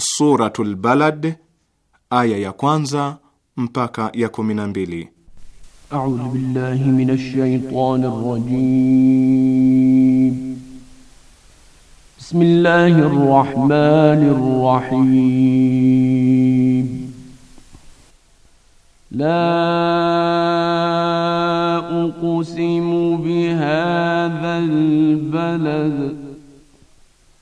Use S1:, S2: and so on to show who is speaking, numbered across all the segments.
S1: Suratul Balad aya ya kwanza mpaka ya 12.
S2: A'udhu billahi minash shaitanir rajim. Bismillahir rahmanir rahim. La uqsimu bihadhal balad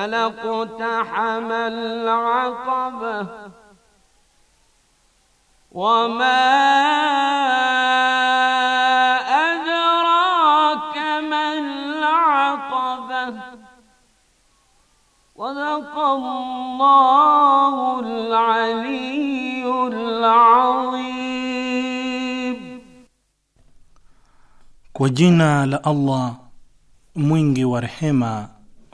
S2: فلقتحم العقبة وما أدراك ما العقبة صدق الله العلي
S3: العظيم وجنا لألله la Allah mwingi wa rehema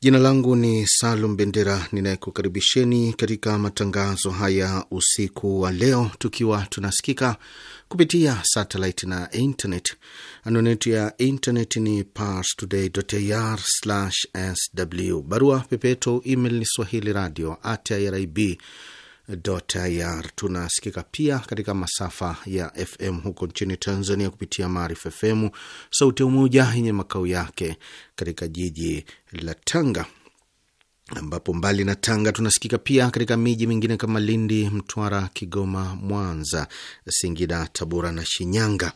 S4: Jina langu ni Salum Bendera, ninayekukaribisheni katika matangazo haya usiku wa leo, tukiwa tunasikika kupitia satellite na internet. Anwani yetu ya internet ni parstoday.ir/sw, barua pepeto email ni swahili radio at irib ir. Tunasikika pia katika masafa ya FM huko nchini Tanzania kupitia Maarifa FM Sauti ya Umoja yenye makao yake katika jiji la Tanga, ambapo mbali na Tanga tunasikika pia katika miji mingine kama Lindi, Mtwara, Kigoma, Mwanza, Singida, Tabora na Shinyanga.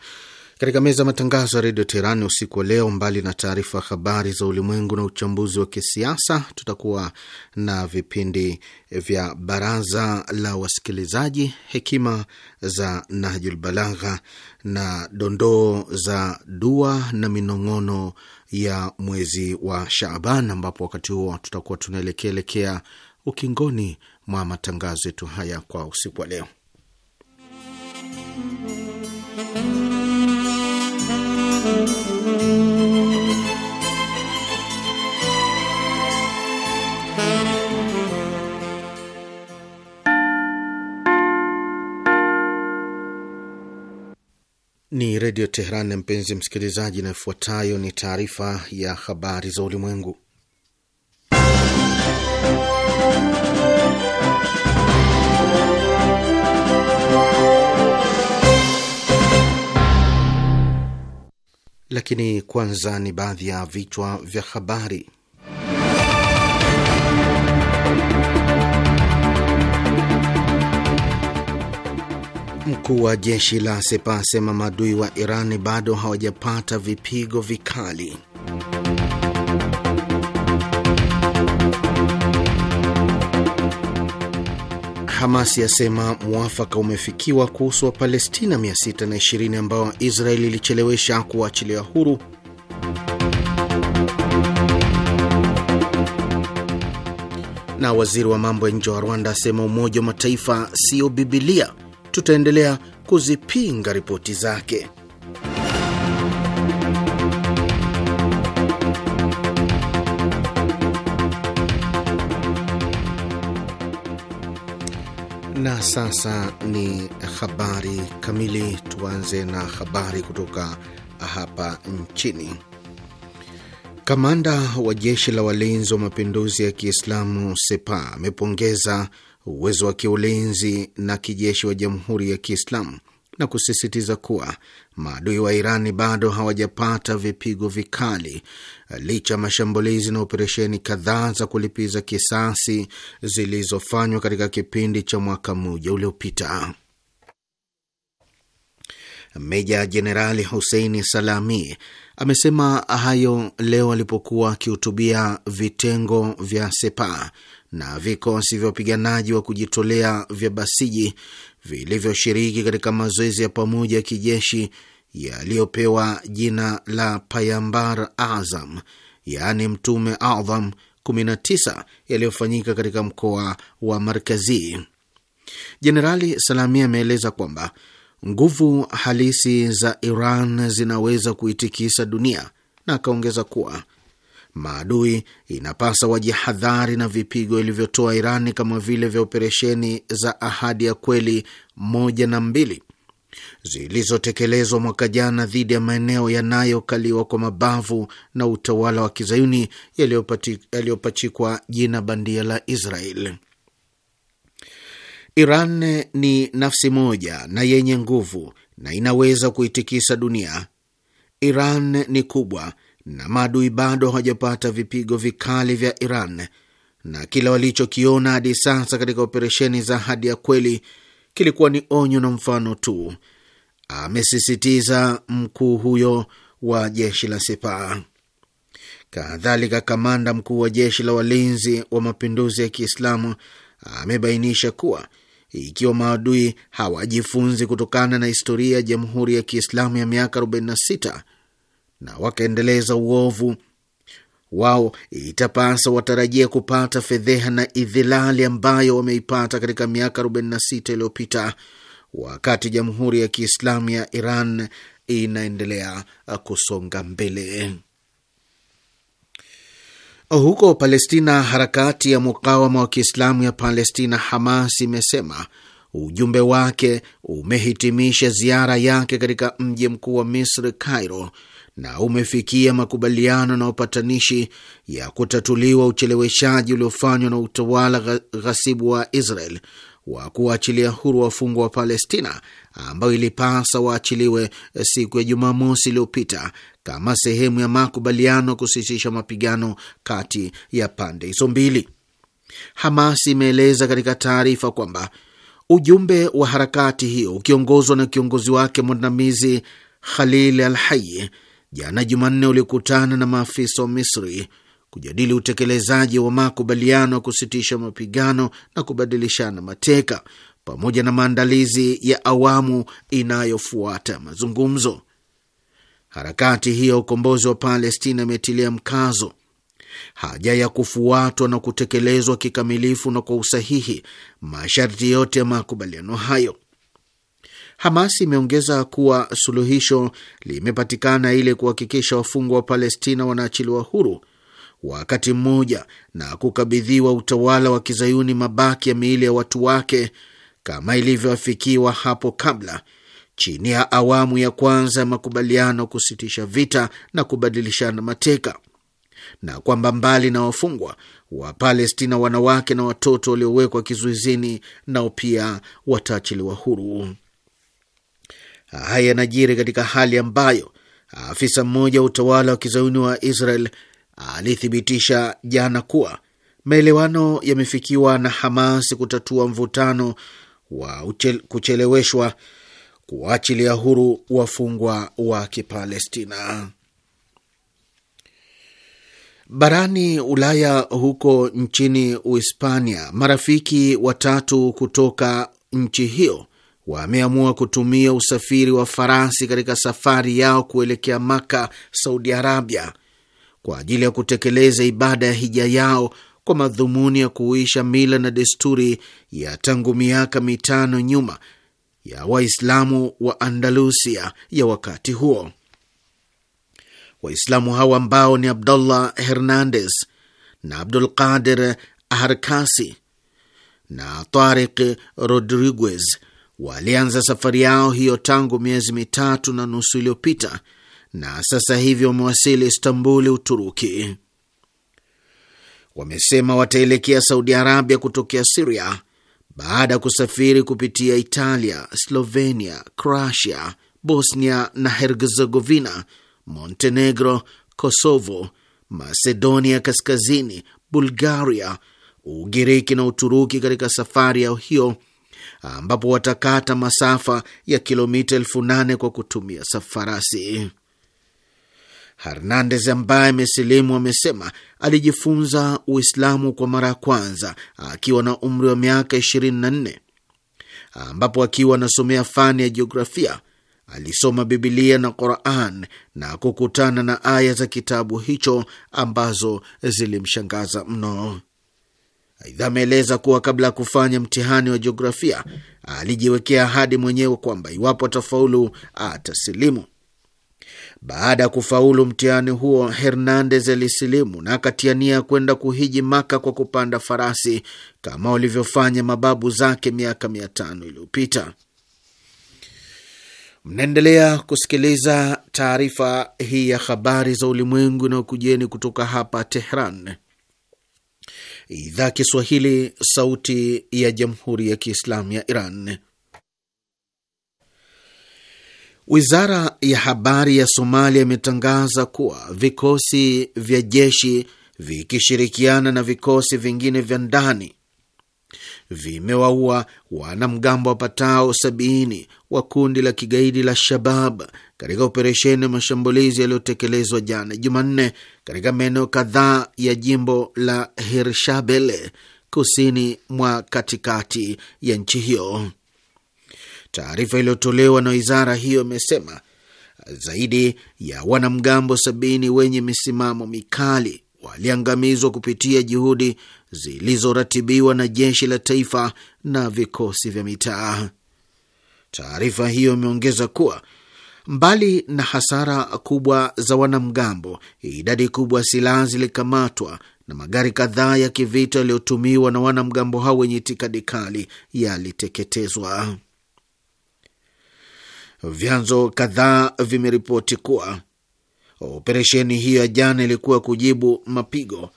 S4: Katika meza ya matangazo ya redio Teherani usiku wa leo, mbali na taarifa ya habari za ulimwengu na uchambuzi wa kisiasa, tutakuwa na vipindi vya baraza la wasikilizaji, hekima za Nahjul Balagha na dondoo za dua na minong'ono ya mwezi wa Shaaban, ambapo wakati huo tutakuwa tunaelekeaelekea ukingoni mwa matangazo yetu haya kwa usiku wa leo. Redio Teheran. Mpenzi msikilizaji, inayofuatayo ni taarifa ya habari za ulimwengu, lakini kwanza ni baadhi ya vichwa vya habari. Mkuu wa jeshi la Sepa asema maadui wa Iran bado hawajapata vipigo vikali. Hamas yasema mwafaka umefikiwa kuhusu Wapalestina 620 ambao Israeli ilichelewesha kuwaachilia huru. Na waziri wa mambo ya nje wa Rwanda asema Umoja wa Mataifa sio Bibilia tutaendelea kuzipinga ripoti zake. Na sasa ni habari kamili. Tuanze na habari kutoka hapa nchini. Kamanda wa jeshi la walinzi wa mapinduzi ya Kiislamu Sepa amepongeza uwezo wa kiulinzi na kijeshi wa Jamhuri ya Kiislamu na kusisitiza kuwa maadui wa Irani bado hawajapata vipigo vikali licha ya mashambulizi na operesheni kadhaa za kulipiza kisasi zilizofanywa katika kipindi cha mwaka mmoja uliopita. Meja Jenerali Huseini Salami amesema hayo leo alipokuwa akihutubia vitengo vya Sepa na vikosi vya wapiganaji wa kujitolea vya Basiji vilivyoshiriki katika mazoezi ya pamoja ya kijeshi yaliyopewa jina la Payambar Azam, yaani Mtume Adham 19 yaliyofanyika katika mkoa wa Markazi. Jenerali Salami ameeleza kwamba nguvu halisi za Iran zinaweza kuitikisa dunia na akaongeza kuwa maadui inapasa wajihadhari na vipigo ilivyotoa iran kama vile vya operesheni za Ahadi ya Kweli moja na mbili zilizotekelezwa mwaka jana dhidi ya maeneo yanayokaliwa kwa mabavu na utawala wa kizayuni yaliyopachikwa jina bandia la Israel. Iran ni nafsi moja na yenye nguvu na inaweza kuitikisa dunia. Iran ni kubwa na maadui bado hawajapata vipigo vikali vya Iran, na kila walichokiona hadi sasa katika operesheni za hadi ya Kweli kilikuwa ni onyo na mfano tu, amesisitiza mkuu huyo wa jeshi la Sepah. Kadhalika, kamanda mkuu wa jeshi la walinzi wa mapinduzi ya Kiislamu amebainisha kuwa ikiwa maadui hawajifunzi kutokana na historia ya Jamhuri ya Kiislamu ya miaka 46 na wakaendeleza uovu wao, itapasa watarajia kupata fedheha na idhilali ambayo wameipata katika miaka 46 iliyopita, wakati Jamhuri ya Kiislamu ya Iran inaendelea kusonga mbele. Huko Palestina, harakati ya mukawama wa Kiislamu ya Palestina, Hamas, imesema ujumbe wake umehitimisha ziara yake katika mji mkuu wa Misri, Cairo, na umefikia makubaliano na upatanishi ya kutatuliwa ucheleweshaji uliofanywa na utawala ghasibu wa Israel wa kuwaachilia huru wafungwa wa Palestina ambayo ilipasa waachiliwe siku ya Jumamosi iliyopita kama sehemu ya makubaliano kusitisha mapigano kati ya pande hizo mbili. Hamas imeeleza katika taarifa kwamba ujumbe wa harakati hiyo ukiongozwa na kiongozi wake mwandamizi Khalil al-Hayy jana Jumanne ulikutana na maafisa wa Misri kujadili utekelezaji wa makubaliano ya kusitisha mapigano na kubadilishana mateka pamoja na maandalizi ya awamu inayofuata mazungumzo. Harakati hiyo ya ukombozi wa Palestina imetilia mkazo haja ya kufuatwa na kutekelezwa kikamilifu na kwa usahihi masharti yote ya makubaliano hayo. Hamas imeongeza kuwa suluhisho limepatikana ili kuhakikisha wafungwa wa Palestina wanaachiliwa huru wakati mmoja na kukabidhiwa utawala wa kizayuni mabaki ya miili ya watu wake kama ilivyoafikiwa hapo kabla chini ya awamu ya kwanza ya makubaliano kusitisha vita na kubadilishana mateka, na kwamba mbali na wafungwa wa Palestina, wanawake na watoto waliowekwa kizuizini nao pia wataachiliwa huru. Haya yanajiri katika hali ambayo afisa mmoja wa utawala wa kizayuni wa Israel alithibitisha jana kuwa maelewano yamefikiwa na Hamas kutatua mvutano wa uchel, kucheleweshwa kuachilia huru wafungwa wa Kipalestina. Barani Ulaya, huko nchini Uhispania, marafiki watatu kutoka nchi hiyo wameamua kutumia usafiri wa farasi katika safari yao kuelekea Maka, Saudi Arabia, kwa ajili ya kutekeleza ibada ya hija yao kwa madhumuni ya kuisha mila na desturi ya tangu miaka mitano nyuma ya Waislamu wa Andalusia ya wakati huo. Waislamu hawa ambao ni Abdullah Hernandez na Abdul Qadir Harkasi na Tariq Rodriguez Walianza safari yao hiyo tangu miezi mitatu na nusu iliyopita na sasa hivi wamewasili Istanbuli, Uturuki. Wamesema wataelekea Saudi Arabia kutokea Siria baada ya kusafiri kupitia Italia, Slovenia, Croatia, Bosnia na Herzegovina, Montenegro, Kosovo, Macedonia Kaskazini, Bulgaria, Ugiriki na Uturuki katika safari yao hiyo ambapo watakata masafa ya kilomita elfu nane kwa kutumia safarasi. Hernandez ambaye amesilimu amesema alijifunza Uislamu kwa mara ya kwanza akiwa na umri wa miaka 24 ambapo akiwa anasomea fani ya jiografia alisoma Bibilia na Quran na kukutana na aya za kitabu hicho ambazo zilimshangaza mno. Aidha, ameeleza kuwa kabla ya kufanya mtihani wa jiografia alijiwekea ahadi mwenyewe kwamba iwapo atafaulu atasilimu. Baada ya kufaulu mtihani huo, Hernandez alisilimu na akatia nia kwenda kuhiji Maka kwa kupanda farasi kama walivyofanya mababu zake miaka mia tano iliyopita. Mnaendelea kusikiliza taarifa hii ya habari za ulimwengu na ukujeni kutoka hapa Tehran, idhaa Kiswahili, sauti ya jamhuri ya kiislamu ya Iran. Wizara ya habari ya Somalia imetangaza kuwa vikosi vya jeshi vikishirikiana na vikosi vingine vya ndani vimewaua wanamgambo wapatao sabini wa kundi la kigaidi la Shabab katika operesheni ya mashambulizi yaliyotekelezwa jana Jumanne katika maeneo kadhaa ya jimbo la Hirshabelle kusini mwa katikati ya nchi hiyo. Taarifa iliyotolewa na wizara hiyo imesema zaidi ya wanamgambo sabini wenye misimamo mikali waliangamizwa kupitia juhudi zilizoratibiwa na jeshi la taifa na vikosi vya mitaa. Taarifa hiyo imeongeza kuwa mbali na hasara kubwa za wanamgambo, idadi kubwa ya silaha zilikamatwa na magari kadhaa ya kivita yaliyotumiwa na wanamgambo hao wenye itikadi kali yaliteketezwa. Vyanzo kadhaa vimeripoti kuwa Operesheni hiyo ya jana ilikuwa kujibu mapigo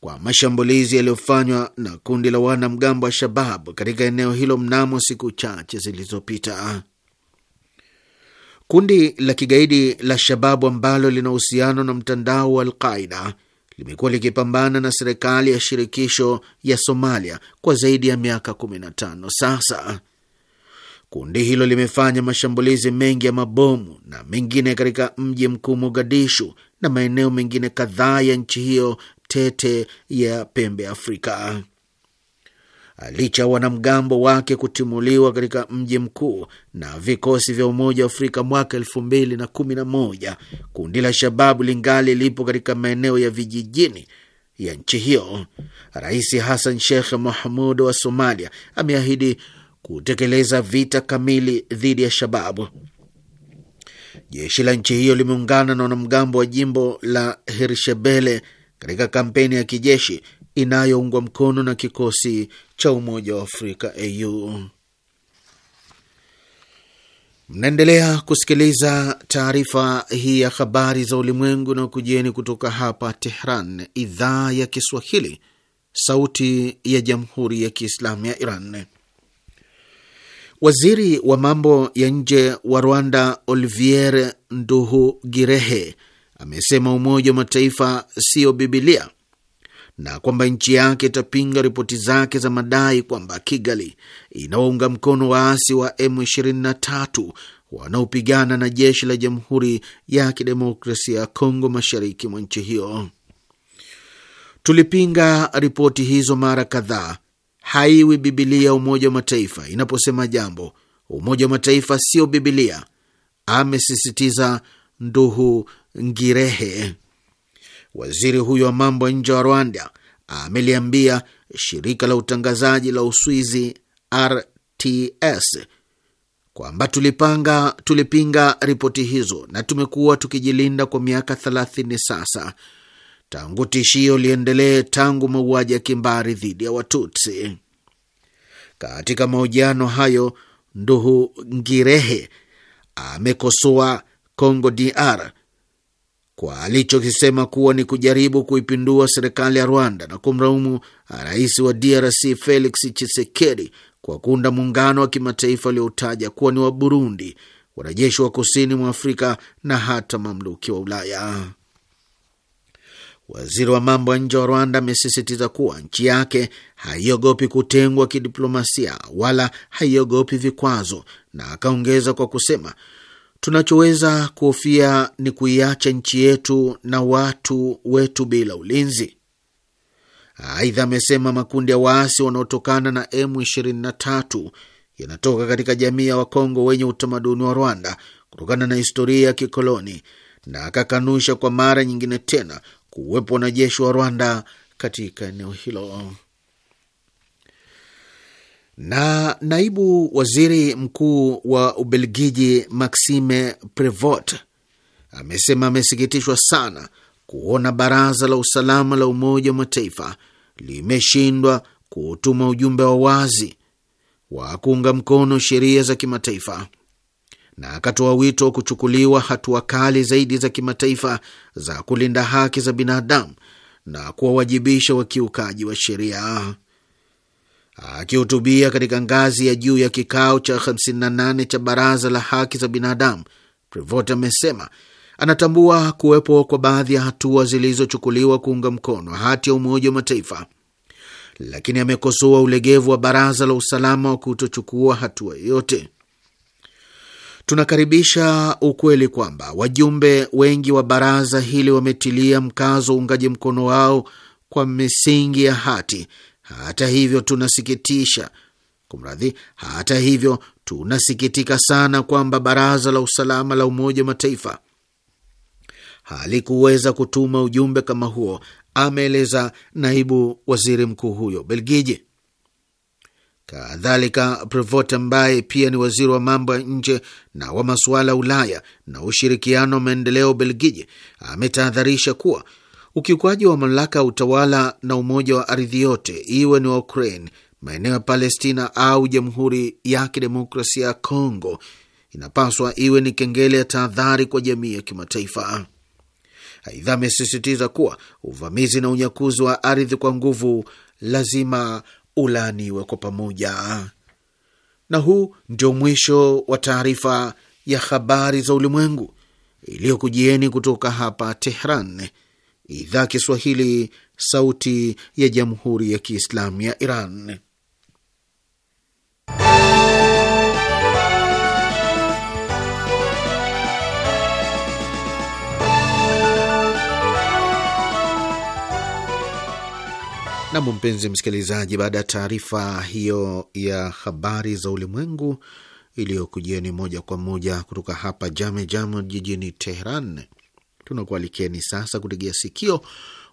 S4: kwa mashambulizi yaliyofanywa na kundi la wanamgambo wa Shabab katika eneo hilo mnamo siku chache zilizopita. Kundi la kigaidi la Shababu ambalo lina uhusiano na mtandao wa Alqaida limekuwa likipambana na serikali ya shirikisho ya Somalia kwa zaidi ya miaka 15 sasa. Kundi hilo limefanya mashambulizi mengi ya mabomu na mengine katika mji mkuu Mogadishu na maeneo mengine kadhaa ya nchi hiyo tete ya pembe Afrika. Licha wanamgambo wake kutimuliwa katika mji mkuu na vikosi vya Umoja wa Afrika mwaka elfu mbili na kumi na moja, kundi la Shababu lingali lipo katika maeneo ya vijijini ya nchi hiyo. Rais Hassan Sheikh mahmud wa Somalia ameahidi kutekeleza vita kamili dhidi ya shababu. Jeshi la nchi hiyo limeungana na wanamgambo wa jimbo la Hirshebele katika kampeni ya kijeshi inayoungwa mkono na kikosi cha Umoja wa Afrika au Mnaendelea kusikiliza taarifa hii ya habari za ulimwengu na kujieni kutoka hapa Tehran, idhaa ya Kiswahili, sauti ya jamhuri ya kiislamu ya Iran. Waziri wa mambo ya nje wa Rwanda Olivier Nduhugirehe amesema Umoja wa Mataifa siyo Bibilia na kwamba nchi yake itapinga ripoti zake za madai kwamba Kigali inawaunga mkono waasi wa M23 wanaopigana na jeshi la Jamhuri ya Kidemokrasia ya Kongo mashariki mwa nchi hiyo. Tulipinga ripoti hizo mara kadhaa haiwi Bibilia ya Umoja wa Mataifa inaposema jambo. Umoja wa Mataifa sio Bibilia, amesisitiza Nduhu Ngirehe. Waziri huyo wa mambo ya nje wa Rwanda ameliambia shirika la utangazaji la Uswizi RTS kwamba tulipanga tulipinga ripoti hizo na tumekuwa tukijilinda kwa miaka 30 sasa tangu tishio liendelee tangu mauaji ya kimbari dhidi ya Watutsi. Katika mahojiano hayo, Nduhu Ngirehe amekosoa Congo DR kwa alichokisema kuwa ni kujaribu kuipindua serikali ya Rwanda na kumlaumu rais wa DRC Felix Tshisekedi kwa kuunda muungano wa kimataifa aliotaja kuwa ni wa Burundi, wanajeshi wa kusini mwa Afrika na hata mamluki wa Ulaya. Waziri wa mambo ya nje wa Rwanda amesisitiza kuwa nchi yake haiogopi kutengwa kidiplomasia wala haiogopi vikwazo, na akaongeza kwa kusema, tunachoweza kuhofia ni kuiacha nchi yetu na watu wetu bila ulinzi. Aidha, amesema makundi ya waasi wanaotokana na M23 yanatoka katika jamii ya Wakongo wenye utamaduni wa Rwanda kutokana na historia ya kikoloni, na akakanusha kwa mara nyingine tena kuwepo wanajeshi wa Rwanda katika eneo hilo. Na naibu waziri mkuu wa Ubelgiji Maxime Prevot amesema amesikitishwa sana kuona baraza la usalama la Umoja wa Mataifa limeshindwa kutuma ujumbe wa wazi wa kuunga mkono sheria za kimataifa na akatoa wito wa kuchukuliwa hatua kali zaidi za kimataifa za kulinda haki za binadamu na kuwawajibisha wakiukaji wa sheria. Akihutubia katika ngazi ya juu ya kikao cha 58 cha Baraza la Haki za Binadamu, Prevot amesema anatambua kuwepo kwa baadhi ya hatua zilizochukuliwa kuunga mkono hati ya Umoja wa Mataifa, lakini amekosoa ulegevu wa Baraza la Usalama wa kutochukua hatua yoyote. Tunakaribisha ukweli kwamba wajumbe wengi wa baraza hili wametilia mkazo uungaji mkono wao kwa misingi ya hati. Hata hivyo tunasikitisha kumradhi, hata hivyo tunasikitika sana kwamba baraza la usalama la Umoja wa Mataifa halikuweza kutuma ujumbe kama huo, ameeleza naibu waziri mkuu huyo Belgiji. Kadhalika, Prevot ambaye pia ni waziri wa mambo ya nje na wa masuala ya Ulaya na ushirikiano wa maendeleo Belgiji, ametahadharisha kuwa ukiukwaji wa mamlaka ya utawala na umoja wa ardhi yote, iwe ni wa Ukraine, maeneo ya Palestina au Jamhuri ya Kidemokrasia ya Kongo, inapaswa iwe ni kengele ya tahadhari kwa jamii ya kimataifa. Aidha, amesisitiza kuwa uvamizi na unyakuzi wa ardhi kwa nguvu lazima ulaaniwe kwa pamoja. Na huu ndio mwisho wa taarifa ya habari za ulimwengu iliyokujieni kutoka hapa Tehran, idhaa Kiswahili, sauti ya jamhuri ya kiislamu ya Iran. Nam, mpenzi msikilizaji, baada ya taarifa hiyo ya habari za ulimwengu iliyokujieni moja kwa moja kutoka hapa Jame Jam jijini Teheran, tunakualikeni sasa kutegea sikio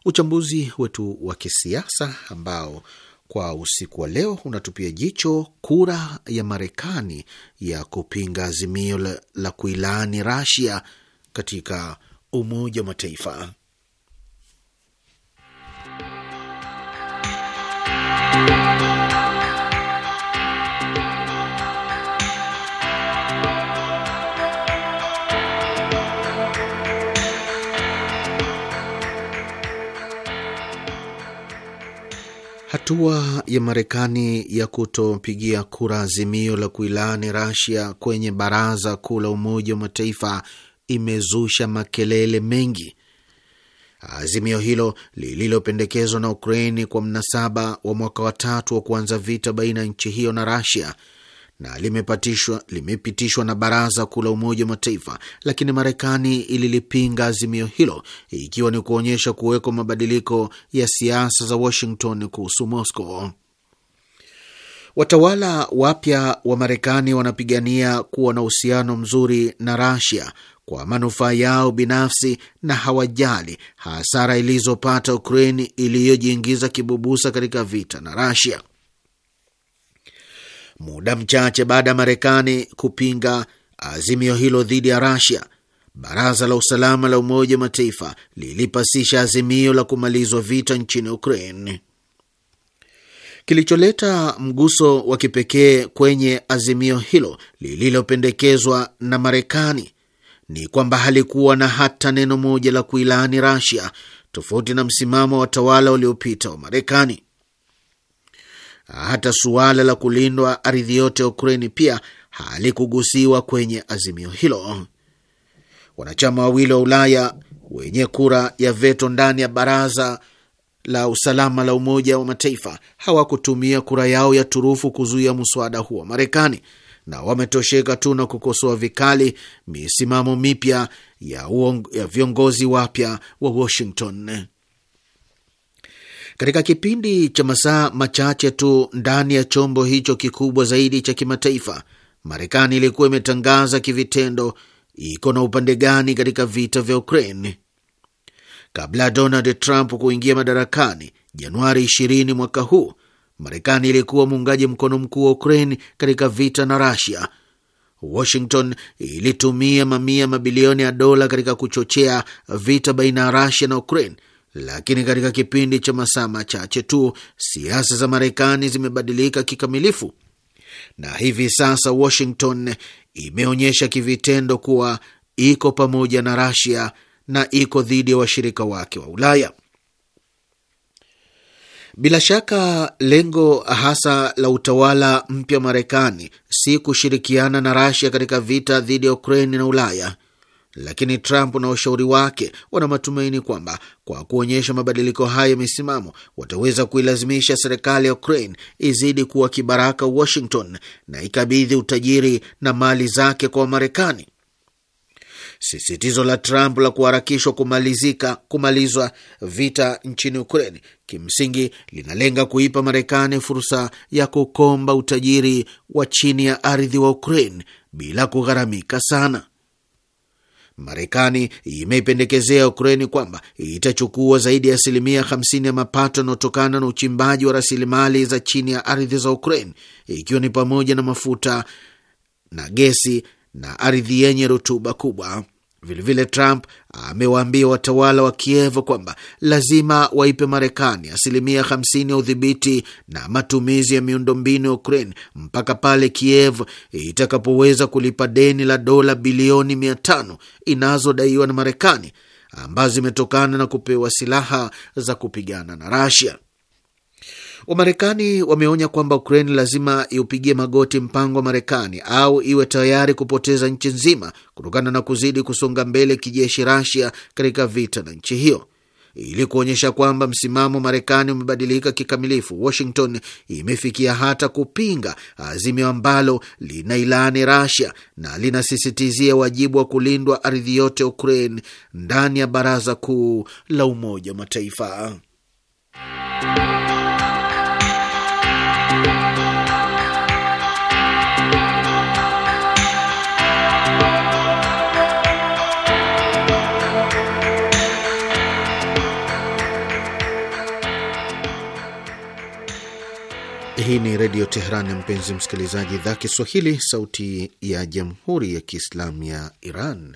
S4: uchambuzi wetu wa kisiasa ambao kwa usiku wa leo unatupia jicho kura ya Marekani ya kupinga azimio la kuilaani Rasia katika Umoja wa Mataifa. Hatua ya Marekani ya kutopigia kura azimio la kuilani Rasia kwenye baraza kuu la Umoja wa Mataifa imezusha makelele mengi. Azimio hilo lililopendekezwa na Ukraini kwa mnasaba wa mwaka wa tatu wa kuanza vita baina ya nchi hiyo na Rasia na limepitishwa limepitishwa na Baraza Kuu la Umoja wa Mataifa, lakini Marekani ililipinga azimio hilo, ikiwa ni kuonyesha kuwekwa mabadiliko ya siasa za Washington kuhusu Moscow. Watawala wapya wa Marekani wanapigania kuwa na uhusiano mzuri na Rasia kwa manufaa yao binafsi na hawajali hasara ilizopata Ukraini iliyojiingiza kibubusa katika vita na Rasia muda mchache baada ya Marekani kupinga azimio hilo dhidi ya Rasia. Baraza la usalama la Umoja wa Mataifa lilipasisha azimio la kumalizwa vita nchini Ukraine. Kilicholeta mguso wa kipekee kwenye azimio hilo lililopendekezwa na Marekani ni kwamba halikuwa na hata neno moja la kuilaani Rasia, tofauti na msimamo wa watawala waliopita wa Marekani. Hata suala la kulindwa ardhi yote ya Ukraini pia halikugusiwa kwenye azimio hilo. Wanachama wawili wa Ulaya wenye kura ya veto ndani ya baraza la usalama la Umoja wa Mataifa hawakutumia kura yao ya turufu kuzuia mswada huo wa Marekani, na wametosheka tu na kukosoa vikali misimamo mipya ya, ya viongozi wapya wa Washington katika kipindi cha masaa machache tu ndani ya chombo hicho kikubwa zaidi cha kimataifa, Marekani ilikuwa imetangaza kivitendo iko na upande gani katika vita vya Ukraine. Kabla ya Donald Trump kuingia madarakani Januari 20 mwaka huu, Marekani ilikuwa muungaji mkono mkuu wa Ukraine katika vita na Russia. Washington ilitumia mamia mabilioni ya dola katika kuchochea vita baina ya Russia na Ukraine lakini katika kipindi cha masaa machache tu siasa za Marekani zimebadilika kikamilifu, na hivi sasa Washington imeonyesha kivitendo kuwa iko pamoja na Russia na iko dhidi ya washirika wake wa Ulaya. Bila shaka lengo hasa la utawala mpya Marekani si kushirikiana na Rasia katika vita dhidi ya Ukraini na Ulaya, lakini Trump na washauri wake wana matumaini kwamba kwa kuonyesha mabadiliko hayo ya misimamo wataweza kuilazimisha serikali ya Ukraine izidi kuwa kibaraka Washington na ikabidhi utajiri na mali zake kwa Wamarekani. Sisitizo la Trump la kuharakishwa kumalizika kumalizwa vita nchini Ukraine kimsingi linalenga kuipa Marekani fursa ya kukomba utajiri wa chini ya ardhi wa Ukraine bila kugharamika sana. Marekani imeipendekezea Ukraini kwamba itachukua zaidi ya asilimia 50 ya mapato yanayotokana na uchimbaji wa rasilimali za chini ya ardhi za Ukraini, ikiwa ni pamoja na mafuta na gesi na ardhi yenye rutuba kubwa. Vilevile, Trump amewaambia watawala wa Kiev kwamba lazima waipe Marekani asilimia 50 ya udhibiti na matumizi ya miundombinu ya Ukraine mpaka pale Kiev itakapoweza kulipa deni la dola bilioni 500 inazodaiwa na Marekani ambazo zimetokana na kupewa silaha za kupigana na Rasia. Wamarekani wameonya kwamba ukrain lazima iupigie magoti mpango wa Marekani au iwe tayari kupoteza nchi nzima kutokana na kuzidi kusonga mbele kijeshi Rasia katika vita na nchi hiyo. Ili kuonyesha kwamba msimamo wa Marekani umebadilika kikamilifu, Washington imefikia hata kupinga azimio ambalo linailaani Rasia na linasisitizia wajibu wa kulindwa ardhi yote ya Ukraine ndani ya Baraza Kuu la Umoja wa Mataifa. Hii ni Redio Teheran ya mpenzi msikilizaji, idhaa Kiswahili, sauti ya jamhuri ya kiislamu ya Iran.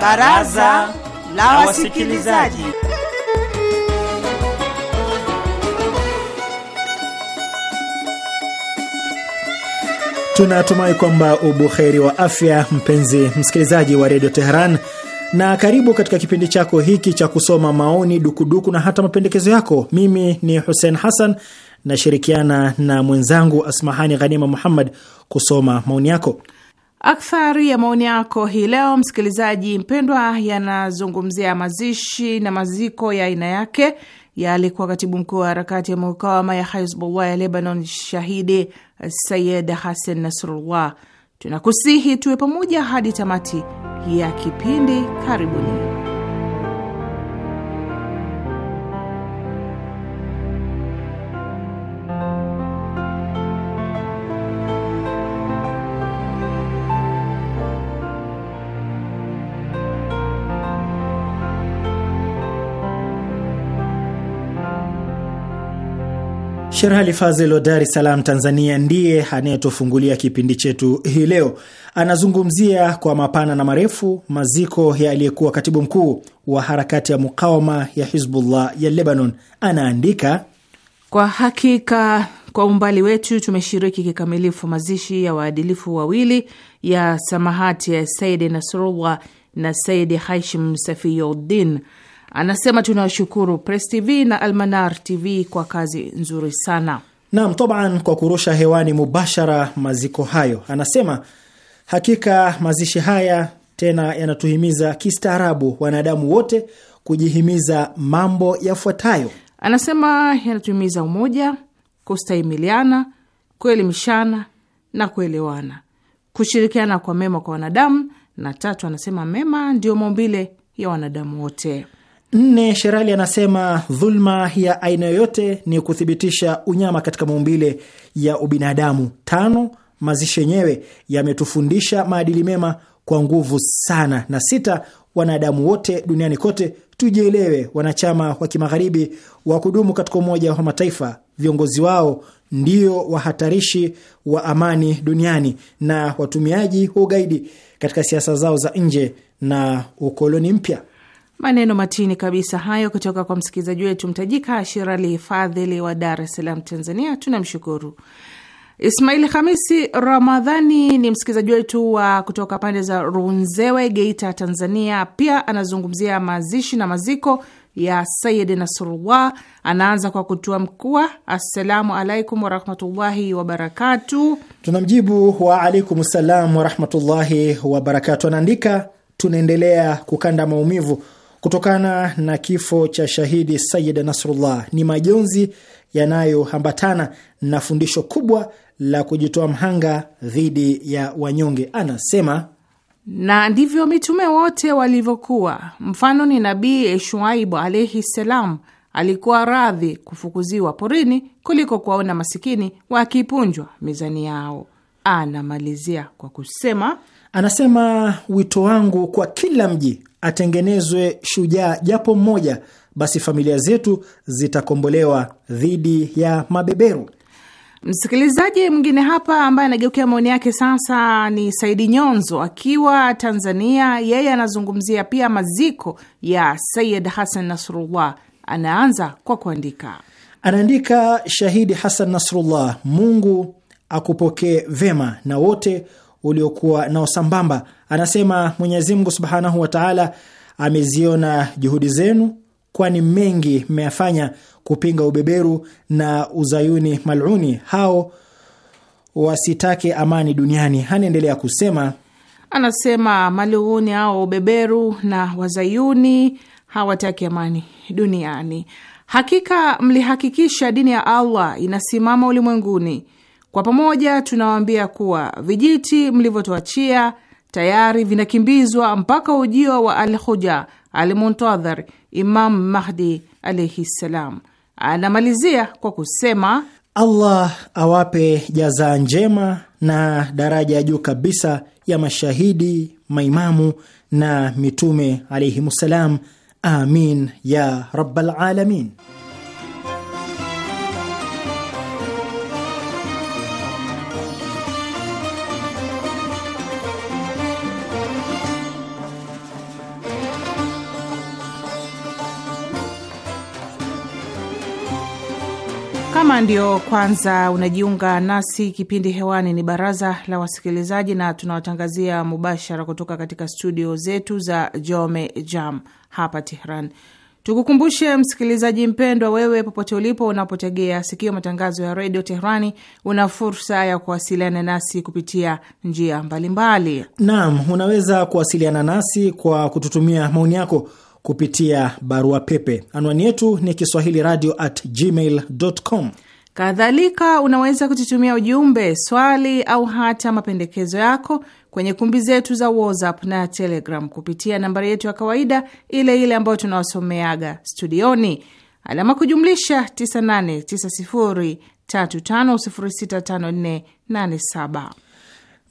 S5: Baraza la Wasikilizaji.
S6: Tunatumai kwamba ubuheri wa afya, mpenzi msikilizaji wa redio Teheran, na karibu katika kipindi chako hiki cha kusoma maoni, dukuduku na hata mapendekezo yako. Mimi ni Hussein Hassan, nashirikiana na mwenzangu Asmahani Ghanima Muhammad kusoma maoni yako.
S5: Akthari ya maoni yako hii leo, msikilizaji mpendwa, yanazungumzia mazishi na maziko ya aina yake ya alikuwa katibu mkuu wa harakati ya mukawama ya Hizbullah ya Lebanon, shahidi Sayid Hasan Nasrullah. Tunakusihi tuwe pamoja hadi tamati ya kipindi. Karibuni.
S6: Sherhali Fazel wa Dar es Salaam, Tanzania, ndiye anayetufungulia kipindi chetu hii leo. Anazungumzia kwa mapana na marefu maziko ya aliyekuwa katibu mkuu wa harakati ya mukawama ya Hizbullah ya Lebanon. Anaandika,
S5: kwa hakika kwa umbali wetu tumeshiriki kikamilifu mazishi ya waadilifu wawili ya samahati ya Saidi Nasrullah na Saidi Haishim Safiyuddin. Anasema tunawashukuru Press TV na Almanar TV kwa kazi nzuri sana.
S6: Naam, taban kwa kurusha hewani mubashara maziko hayo. Anasema hakika mazishi haya tena yanatuhimiza kistaarabu wanadamu wote kujihimiza mambo
S5: yafuatayo. Anasema yanatuhimiza umoja, kustahimiliana, kuelimishana na kuelewana, kushirikiana kwa mema kwa wanadamu, na tatu, anasema mema ndiyo maumbile ya wanadamu wote.
S6: Nne, Sherali anasema dhulma ya aina yoyote ni kuthibitisha unyama katika maumbile ya ubinadamu. Tano, mazishi yenyewe yametufundisha maadili mema kwa nguvu sana. Na sita, wanadamu wote duniani kote tujielewe, wanachama wa kimagharibi wa kudumu katika Umoja wa Mataifa, viongozi wao ndio wahatarishi wa amani duniani na watumiaji wa ugaidi katika siasa zao za nje na ukoloni mpya.
S5: Maneno matini kabisa hayo kutoka kwa msikilizaji wetu mtajika Shirali Fadhili wa Dar es Salaam, Tanzania. Tunamshukuru. Ismail Hamisi Ramadhani ni msikilizaji wetu wa kutoka pande za Runzewe, Geita, Tanzania. Pia anazungumzia mazishi na maziko ya Sayid Nasrullah. Anaanza kwa kutua mkua, assalamu alaikum warahmatullahi wabarakatu.
S6: Tunamjibu wa alaikum salam warahmatullahi wabarakatu. Anaandika, tunaendelea kukanda maumivu kutokana na kifo cha shahidi sayid Nasrullah ni majonzi yanayoambatana na fundisho kubwa la kujitoa mhanga dhidi ya wanyonge. Anasema,
S5: na ndivyo mitume wote walivyokuwa. Mfano ni Nabii Shuaibu alaihi ssalam, alikuwa radhi kufukuziwa porini kuliko kuwaona masikini wakipunjwa mizani yao. Anamalizia kwa kusema, anasema wito
S6: wangu kwa kila mji atengenezwe shujaa japo mmoja, basi familia zetu zitakombolewa dhidi ya mabeberu.
S5: Msikilizaji mwingine hapa ambaye anageukia maoni yake sasa ni Saidi Nyonzo akiwa Tanzania. Yeye anazungumzia pia maziko ya Sayid Hasan Nasrullah. Anaanza kwa kuandika,
S6: anaandika: Shahidi Hasan Nasrullah, Mungu akupokee vema na wote uliokuwa nao sambamba Anasema Mwenyezi Mungu subhanahu wa taala ameziona juhudi zenu, kwani mengi mmeyafanya kupinga ubeberu na uzayuni maluni hao wasitake amani duniani. Anaendelea kusema,
S5: anasema maluni hao ubeberu na wazayuni hawataki amani duniani. Hakika mlihakikisha dini ya Allah inasimama ulimwenguni. Kwa pamoja tunawaambia kuwa vijiti mlivyotuachia tayari vinakimbizwa mpaka ujio wa al Huja al Muntadhar Imam Mahdi alaihi ssalam. Anamalizia kwa kusema
S6: Allah awape jazaa njema na daraja ya juu kabisa ya mashahidi, maimamu na mitume alaihimussalam. Amin ya rabbal
S5: Kama ndio kwanza unajiunga nasi, kipindi hewani ni baraza la wasikilizaji, na tunawatangazia mubashara kutoka katika studio zetu za Jome Jam hapa Tehran. Tukukumbushe msikilizaji mpendwa, wewe popote ulipo, unapotegea sikio matangazo ya redio Teherani, una fursa ya kuwasiliana nasi kupitia njia mbalimbali.
S6: Naam, unaweza kuwasiliana nasi kwa kututumia maoni yako kupitia barua pepe. Anwani yetu ni kiswahili radio at gmail com.
S5: Kadhalika unaweza kututumia ujumbe, swali au hata mapendekezo yako kwenye kumbi zetu za WhatsApp na Telegram kupitia nambari yetu ya kawaida ile ile ambayo tunawasomeaga studioni, alama kujumlisha 989035065487.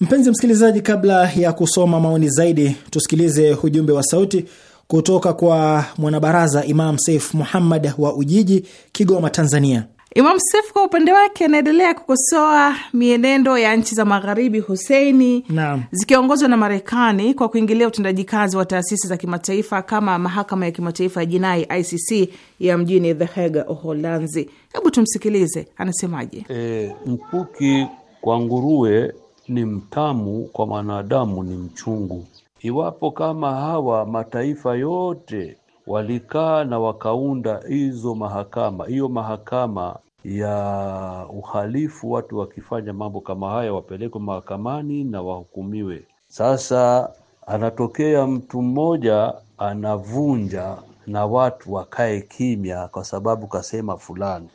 S6: Mpenzi msikilizaji, kabla ya kusoma maoni zaidi, tusikilize ujumbe wa sauti kutoka kwa mwanabaraza Imam Saif Muhammad wa Ujiji, Kigoma, Tanzania.
S5: Imam Saif kwa upande wake anaendelea kukosoa mienendo ya nchi za magharibi Huseini zikiongozwa na Marekani kwa kuingilia utendaji kazi wa taasisi za kimataifa kama mahakama ya kimataifa ya jinai ICC ya mjini The Hague, Uholanzi. Hebu tumsikilize
S7: anasemaje. E, mkuki kwa nguruwe ni mtamu, kwa mwanadamu ni mchungu. Iwapo kama hawa mataifa yote walikaa na wakaunda hizo mahakama, hiyo mahakama ya uhalifu, watu wakifanya mambo kama haya wapelekwe mahakamani na wahukumiwe. Sasa anatokea mtu mmoja anavunja na watu wakae kimya, kwa sababu kasema fulani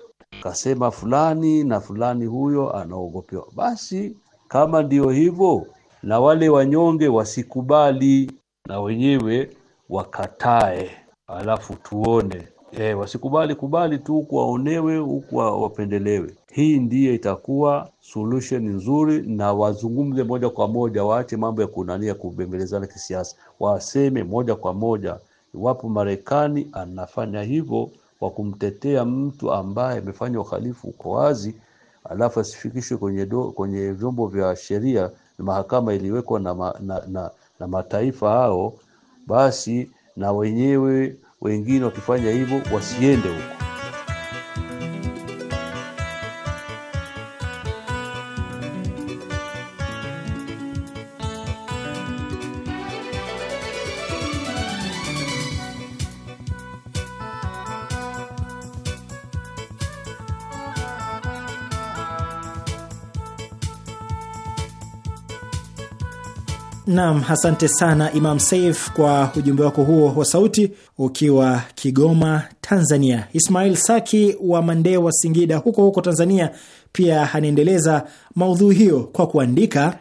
S7: kasema fulani na fulani, huyo anaogopewa. Basi kama ndio hivyo na wale wanyonge wasikubali na wenyewe wakatae, alafu tuone e, wasikubali kubali tu huku waonewe huku wapendelewe. Hii ndiyo itakuwa solution nzuri, na wazungumze moja kwa moja, waache mambo ya kunania kubembelezana kisiasa, waseme moja kwa moja. Iwapo Marekani anafanya hivyo kwa kumtetea mtu ambaye amefanya uhalifu uko wazi, alafu asifikishwe kwenye, do, kwenye vyombo vya sheria mahakama iliwekwa na, ma, na, na, na mataifa hao, basi na wenyewe wengine wakifanya hivyo wasiende huko.
S6: Naam, asante sana Imam Saif kwa ujumbe wako huo wa sauti ukiwa Kigoma, Tanzania. Ismail Saki wa Mandee wa Singida huko huko Tanzania pia anaendeleza maudhui hiyo kwa kuandika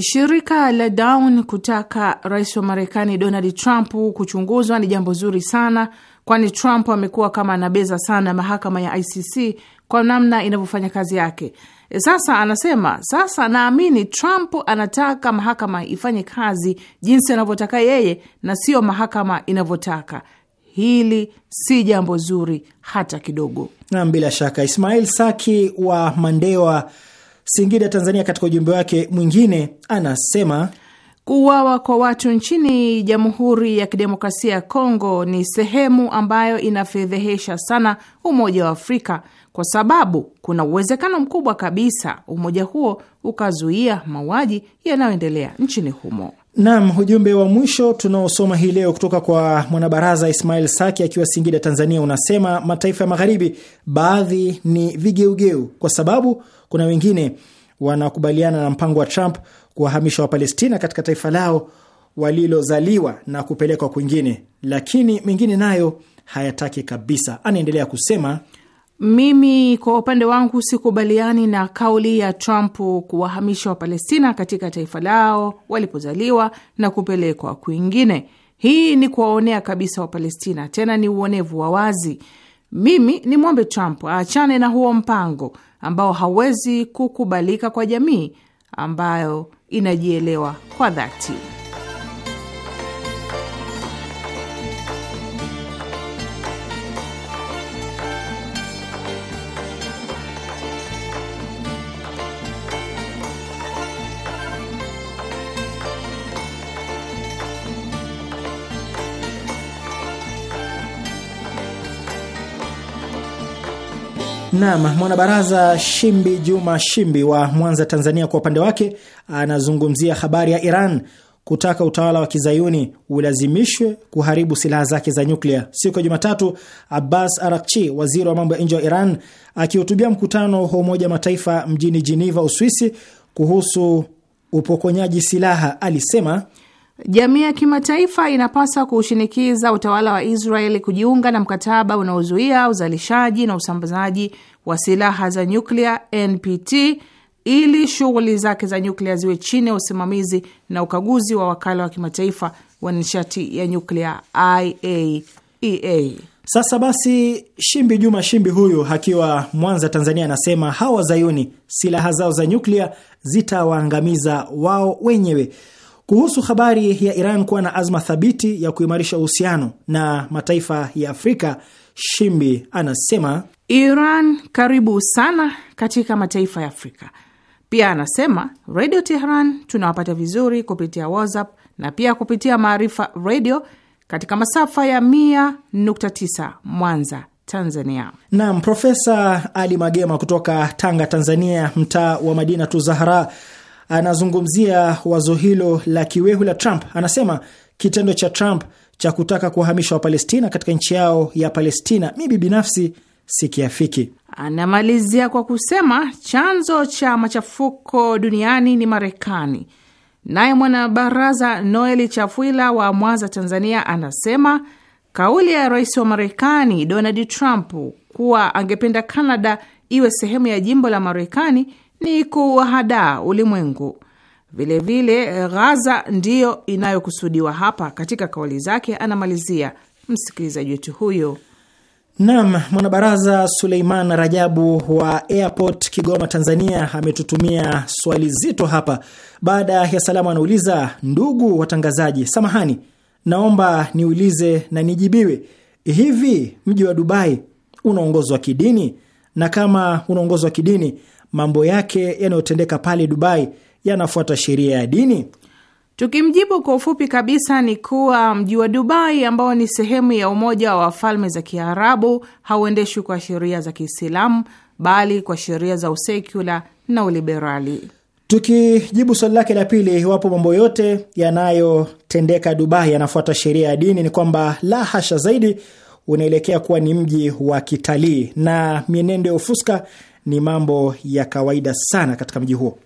S5: Shirika la Dawn kutaka rais wa Marekani Donald Trump kuchunguzwa ni jambo zuri sana, kwani Trump amekuwa kama anabeza sana mahakama ya ICC kwa namna inavyofanya kazi yake, E, sasa anasema sasa, naamini Trump anataka mahakama ifanye kazi jinsi anavyotaka yeye na siyo mahakama inavyotaka. Hili si jambo zuri hata kidogo.
S6: Naam, bila shaka. Ismail Saki wa Mandewa, Singida, Tanzania, katika ujumbe wake mwingine anasema
S5: kuuawa kwa watu nchini Jamhuri ya Kidemokrasia ya Kongo ni sehemu ambayo inafedhehesha sana Umoja wa Afrika kwa sababu kuna uwezekano mkubwa kabisa umoja huo ukazuia mauaji yanayoendelea nchini humo.
S6: nam ujumbe wa mwisho tunaosoma hii leo kutoka kwa mwanabaraza Ismail Saki akiwa Singida, Tanzania, unasema mataifa ya Magharibi baadhi ni vigeugeu, kwa sababu kuna wengine wanakubaliana na mpango wa Trump kuwahamisha Wapalestina katika taifa lao walilozaliwa na kupelekwa kwingine, lakini mengine nayo hayataki kabisa. Anaendelea
S5: kusema mimi kwa upande wangu sikubaliani na kauli ya Trump kuwahamisha Wapalestina katika taifa lao walipozaliwa na kupelekwa kwingine. Hii ni kuwaonea kabisa Wapalestina, tena ni uonevu wa wazi. Mimi ni mwombe Trump aachane na huo mpango ambao hawezi kukubalika kwa jamii ambayo inajielewa kwa dhati.
S6: Naam, mwanabaraza Shimbi Juma Shimbi wa Mwanza, Tanzania, kwa upande wake anazungumzia habari ya Iran kutaka utawala wa kizayuni ulazimishwe kuharibu silaha zake za nyuklia. Siku ya Jumatatu, Abbas Arakchi, waziri wa mambo ya nje wa Iran, akihutubia mkutano wa Umoja Mataifa mjini Jeneva, Uswisi,
S5: kuhusu upokonyaji silaha, alisema Jamii ya kimataifa inapaswa kuushinikiza utawala wa Israeli kujiunga na mkataba unaozuia uzalishaji na usambazaji wa silaha za nyuklia NPT ili shughuli zake za nyuklia ziwe chini ya usimamizi na ukaguzi wa wakala wa kimataifa wa nishati ya nyuklia IAEA. E Sasa basi, Shimbi
S6: Juma Shimbi huyu akiwa Mwanza, Tanzania, anasema hawa Zayuni silaha zao za nyuklia zitawaangamiza wao wenyewe. Kuhusu habari ya Iran kuwa na azma thabiti ya kuimarisha uhusiano na mataifa ya Afrika, Shimbi
S5: anasema Iran karibu sana katika mataifa ya Afrika. Pia anasema Radio Tehran tunawapata vizuri kupitia WhatsApp na pia kupitia Maarifa Radio katika masafa ya 100.9 Mwanza, Tanzania.
S6: Naam, Profesa Ali Magema kutoka Tanga, Tanzania, mtaa wa Madina tu Zahara anazungumzia wazo hilo la kiwehu la Trump. Anasema kitendo cha Trump cha kutaka kuwahamisha Wapalestina katika nchi yao ya Palestina, mimi binafsi sikiafiki.
S5: Anamalizia kwa kusema chanzo cha machafuko duniani ni Marekani. Naye mwanabaraza Noeli Chafuila wa Mwanza, Tanzania, anasema kauli ya rais wa Marekani Donald Trump kuwa angependa Kanada iwe sehemu ya jimbo la Marekani ni kuwahadaa ulimwengu. Vilevile, Ghaza ndiyo inayokusudiwa hapa. Katika kauli zake anamalizia msikilizaji wetu huyo.
S6: Naam, mwanabaraza Suleiman Rajabu wa Airport Kigoma, Tanzania, ametutumia swali zito hapa. Baada ya salamu, anauliza ndugu watangazaji, samahani, naomba niulize na nijibiwe, hivi mji wa Dubai unaongozwa kidini? Na kama unaongozwa kidini, mambo yake yanayotendeka pale Dubai yanafuata sheria ya dini?
S5: Tukimjibu kwa ufupi kabisa ni kuwa mji wa Dubai ambao ni sehemu ya Umoja wa Falme za Kiarabu hauendeshwi kwa sheria za Kiislamu bali kwa sheria za usekula na uliberali.
S6: Tukijibu swali lake la pili, iwapo mambo yote yanayotendeka Dubai yanafuata sheria ya dini, ni kwamba la hasha, zaidi unaelekea kuwa ni mji wa kitalii na mienendo ya ufuska ni mambo ya kawaida sana katika mji huo.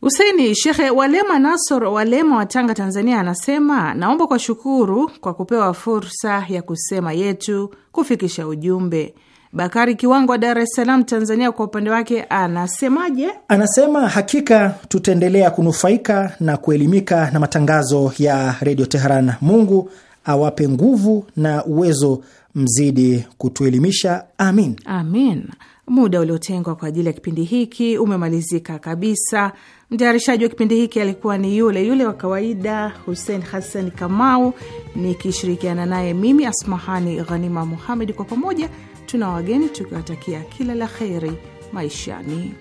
S5: Huseini Shekhe Walema Nasor Walema wa Tanga, Tanzania, anasema naomba kwa shukuru kwa kupewa fursa ya kusema yetu kufikisha ujumbe. Bakari Kiwango wa Dar es Salaam, Tanzania, kwa upande wake anasemaje?
S6: Anasema hakika tutaendelea kunufaika na kuelimika na matangazo ya Redio Teheran. Mungu awape nguvu na uwezo, mzidi kutuelimisha.
S5: Amin, amin. Muda uliotengwa kwa ajili ya kipindi hiki umemalizika kabisa. Mtayarishaji wa kipindi hiki alikuwa ni yule yule wa kawaida, Hussein Hassan Kamau, nikishirikiana naye mimi Asmahani Ghanima Muhamedi. Kwa pamoja tuna wageni tukiwatakia kila la kheri maishani.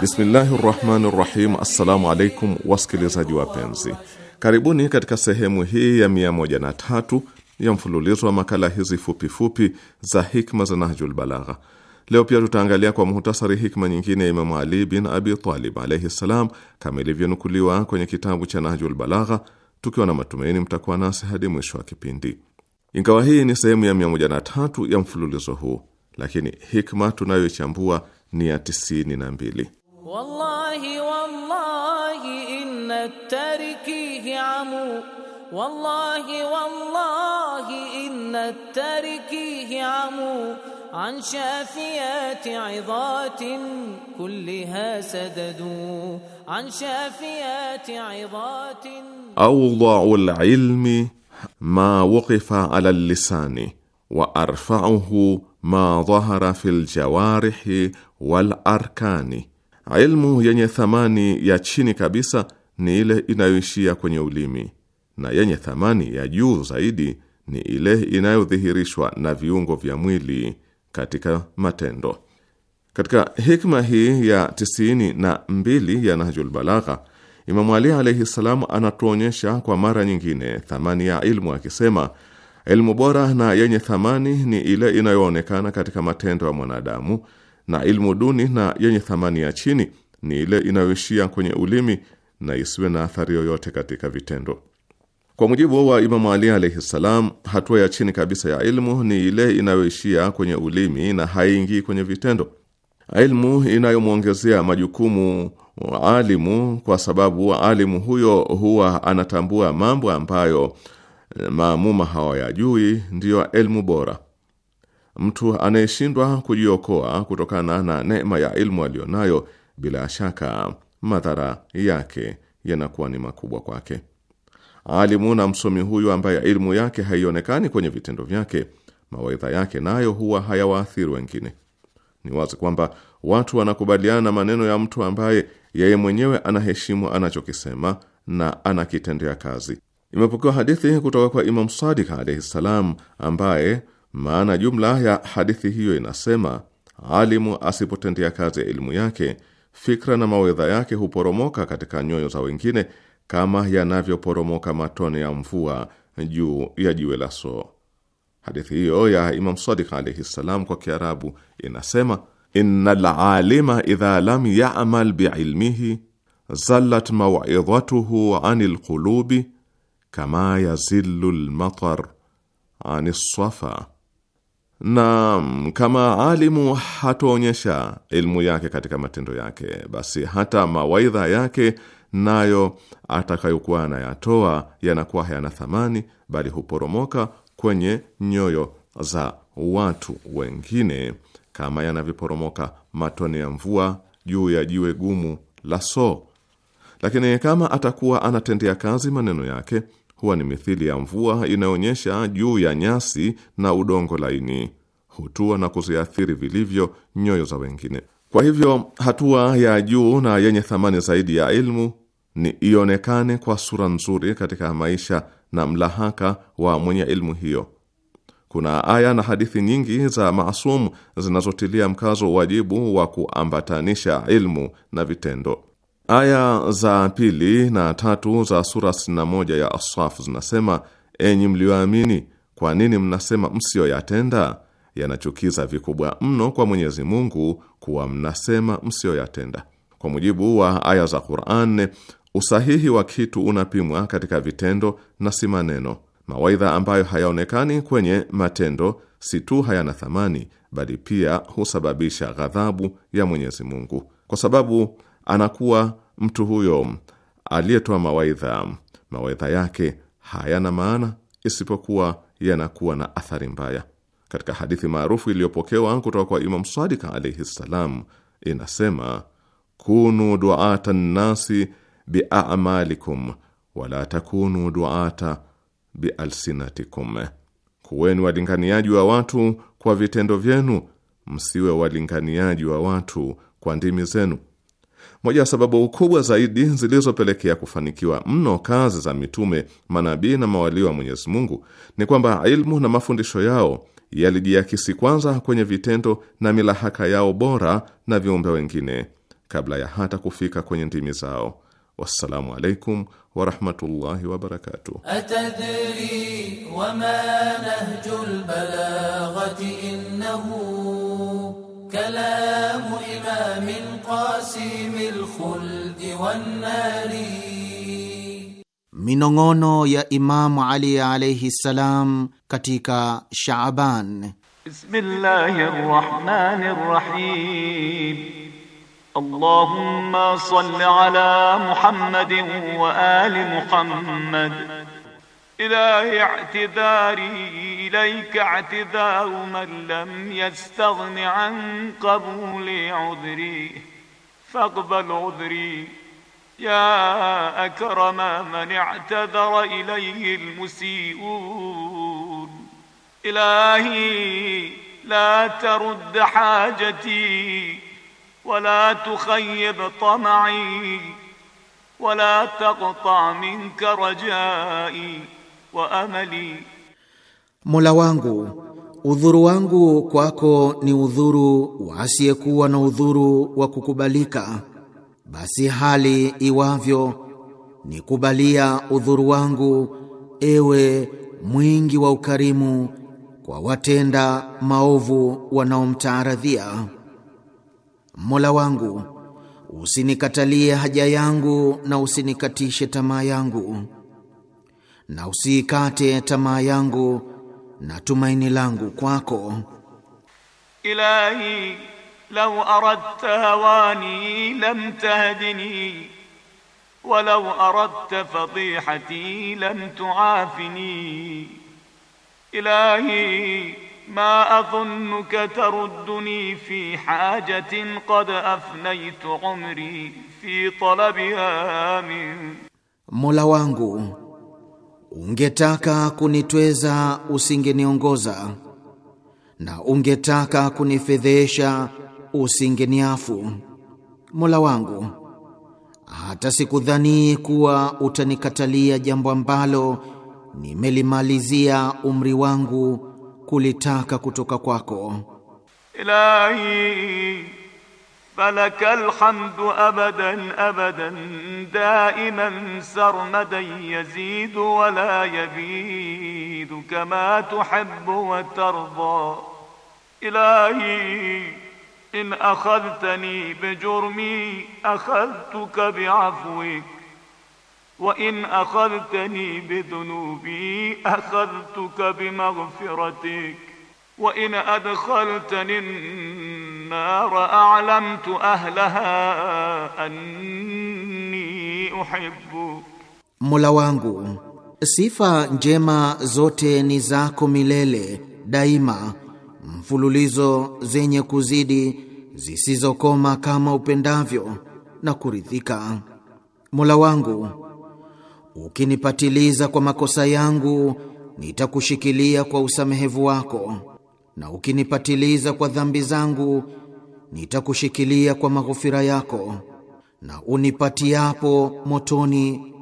S1: Bismillahi rahmani rahim. Assalamu alaikum wasikilizaji wapenzi, karibuni katika sehemu hii ya 13 ya mfululizo wa makala hizi fupifupi fupi za hikma za Nahjul Balagha. Leo pia tutaangalia kwa muhtasari hikma nyingine ya Imamu Ali bin Abi Talib alaihi ssalam, kama ilivyonukuliwa kwenye kitabu cha Nahjul Balagha, tukiwa na matumaini mtakuwa nasi hadi mwisho wa kipindi. Ingawa hii ni sehemu ya 13 ya mfululizo huu, lakini hikma tunayoichambua ni ya tisini na mbili.
S8: Wallahi wallahi inna tarikihi amu Wallahi wallahi inna tarikihi amu عن شافيات عظات كلها سدد عن شافيات
S9: عظات
S1: أوضع العلم ما وقف على اللسان وأرفعه ما ظهر في الجوارح wal arkani, ilmu yenye thamani ya chini kabisa ni ile inayoishia kwenye ulimi na yenye thamani ya juu zaidi ni ile inayodhihirishwa na viungo vya mwili katika matendo. Katika hikma hii ya tisini na mbili ya Nahjul Balagha, Imamu Ali alaihi ssalam anatuonyesha kwa mara nyingine thamani ya ilmu akisema, ilmu bora na yenye thamani ni ile inayoonekana katika matendo ya mwanadamu na ilmu duni na yenye thamani ya chini ni ile inayoishia kwenye ulimi na isiwe na athari yoyote katika vitendo. Kwa mujibu wa Imamu Ali alaihi ssalam, hatua ya chini kabisa ya ilmu ni ile inayoishia kwenye ulimi na haiingii kwenye vitendo. Ilmu inayomwongezea majukumu alimu, kwa sababu alimu huyo huwa anatambua mambo ambayo eh, maamuma hawayajui, ndiyo ilmu bora. Mtu anayeshindwa kujiokoa kutokana na neema ya ilmu aliyonayo, bila shaka madhara yake yanakuwa ni makubwa kwake. Alimu na msomi huyu ambaye ilmu yake haionekani kwenye vitendo vyake, mawaidha yake nayo huwa hayawaathiri wengine. Ni wazi kwamba watu wanakubaliana na maneno ya mtu ambaye yeye mwenyewe anaheshimu anachokisema na anakitendea kazi. Imepokewa hadithi kutoka kwa Imam Sadik alaihi ssalam, ambaye maana jumla ya hadithi hiyo inasema, alimu asipotendea kazi ya elimu yake, fikra na mawedha yake huporomoka katika nyoyo za wengine kama yanavyoporomoka matone ya mvua juu ya jiwe la soo. Hadithi hiyo ya Imam Sadiq alaihi ssalam kwa Kiarabu inasema innal lalima idha lam ya'mal biilmihi zallat maw'idhatuhu ani lqulubi kama yazillu lmatar ani lswafa na kama alimu hatoonyesha elimu yake katika matendo yake, basi hata mawaidha yake nayo atakayokuwa anayatoa yanakuwa hayana thamani, bali huporomoka kwenye nyoyo za watu wengine kama yanavyoporomoka matone ya mvua juu ya jiwe gumu la soo. Lakini kama atakuwa anatendea kazi maneno yake huwa ni mithili ya mvua inayoonyesha juu ya nyasi na udongo laini, hutua na kuziathiri vilivyo nyoyo za wengine. Kwa hivyo hatua ya juu na yenye thamani zaidi ya ilmu ni ionekane kwa sura nzuri katika maisha na mlahaka wa mwenye ilmu hiyo. Kuna aya na hadithi nyingi za masum zinazotilia mkazo wajibu wa kuambatanisha ilmu na vitendo. Aya za pili na tatu za sura 61 ya Aswafu zinasema: enyi mlioamini, kwa nini mnasema msiyoyatenda? Yanachukiza vikubwa mno kwa Mwenyezi Mungu kuwa mnasema msiyoyatenda. Kwa mujibu wa aya za Qur'an, usahihi wa kitu unapimwa katika vitendo na si maneno. Mawaidha ambayo hayaonekani kwenye matendo si tu hayana thamani, bali pia husababisha ghadhabu ya Mwenyezi Mungu kwa sababu anakuwa mtu huyo aliyetoa mawaidha, mawaidha yake hayana maana isipokuwa yanakuwa na athari mbaya. Katika hadithi maarufu iliyopokewa kutoka kwa Imam sadika alaihi ssalam, inasema kunu duata nnasi biamalikum wala takunu duata bialsinatikum, kuweni walinganiaji wa watu kwa vitendo vyenu, msiwe walinganiaji wa watu kwa ndimi zenu. Moja ya sababu kubwa zaidi zilizopelekea kufanikiwa mno kazi za mitume, manabii na mawalio wa Mwenyezi Mungu ni kwamba ilmu na mafundisho yao yalijiakisi kwanza kwenye vitendo na milahaka yao bora na viumbe wengine kabla ya hata kufika kwenye ndimi zao. Wassalamu alaikum warahmatullahi wabarakatuh.
S10: كلام إمام قاسم الخلد
S4: والنار Minong'ono ya Imamu Ali alayhi salam katika Shaaban.
S11: Bismillahir Rahmanir Rahim. Allahumma salli ala Muhammadin wa ali Muhammad. إلهي اعتذاري إليك اعتذار من لم يستغن عن قبول عذري فاقبل عذري يا أكرم من اعتذر إليه المسيئون إلهي لا ترد حاجتي ولا تخيب طمعي ولا تقطع منك رجائي wa amali,
S4: Mola wangu udhuru wangu kwako ni udhuru wa asiyekuwa na udhuru wa kukubalika, basi hali iwavyo nikubalia udhuru wangu, ewe mwingi wa ukarimu kwa watenda maovu wanaomtaaradhia. Mola wangu usinikatalie haja yangu na usinikatishe tamaa yangu na usiikate tamaa yangu na tumaini langu kwako.
S11: Ilahi law aradta hawani lam tahdini walau aradta fadihati lam tuafini ilahi ma adhunnuka tarudduni fi hajatin qad afnaytu umri fi talabiha min
S4: Mola wangu Ungetaka kunitweza usingeniongoza, na ungetaka kunifedhesha usingeniafu. Mola wangu, hata sikudhani kuwa utanikatalia jambo ambalo nimelimalizia umri wangu kulitaka kutoka kwako.
S11: Ilahi فلك الحمد أبدا أبدا دائما سرمدا يزيد ولا يبيد كما تحب وترضى إلهي إن أخذتني بجرمي أخذتك بعفوك وإن أخذتني بذنوبي أخذتك بمغفرتك وإن أدخلتني nara a'lamtu ahlaha anni uhibbu,
S4: Mola wangu sifa njema zote ni zako milele daima, mfululizo zenye kuzidi zisizokoma kama upendavyo na kuridhika. Mola wangu ukinipatiliza kwa makosa yangu, nitakushikilia kwa usamehevu wako na ukinipatiliza kwa dhambi zangu nitakushikilia kwa maghufira yako, na unipatiapo motoni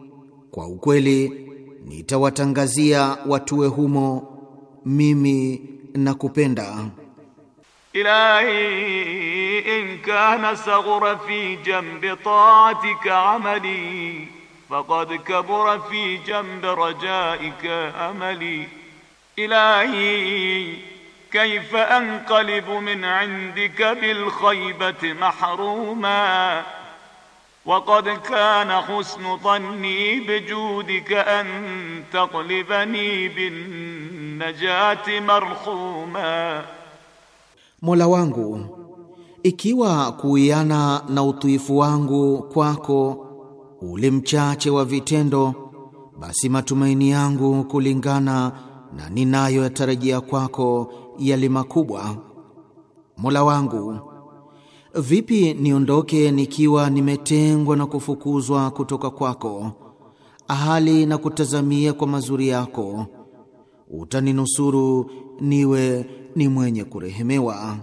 S4: kwa ukweli nitawatangazia watuwe humo mimi na kupenda.
S11: Ilahi in kana saghura fi jambi taatika amali faqad kabura fi jambi rajaika amali ilahi كيف anqalibu من عندك bilkhaybati محروما وقد كان حسن ظني بجودك an تقلبني بالنجاة مرحوما
S4: Mola wangu, ikiwa kuiana na utuifu wangu kwako ule mchache wa vitendo, basi matumaini yangu kulingana na ninayo yatarajia kwako yale makubwa. Mola wangu, vipi niondoke nikiwa nimetengwa na kufukuzwa kutoka kwako, ahali na kutazamia kwa mazuri yako. Utaninusuru niwe ni mwenye kurehemewa.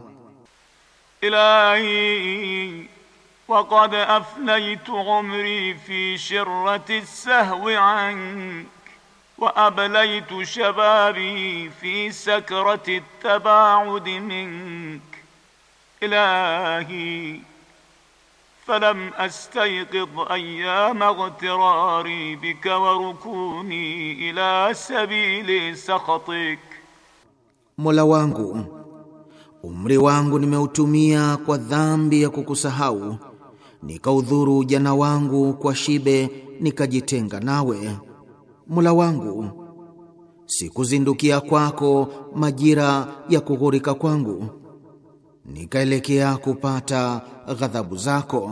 S11: Ilahi waqad afnaytu umri fi shirati sahwi an وأبليت شبابي في سكرة التباعد منك إلهي فلم أستيقظ أيام اغتراري بك وركوني إلى سبيل سخطك
S4: Mola wangu umri wangu nimeutumia kwa dhambi ya kukusahau, nikaudhuru ujana wangu kwa shibe, nikajitenga nawe Mola wangu, sikuzindukia kwako majira ya kughurika kwangu, nikaelekea kupata ghadhabu zako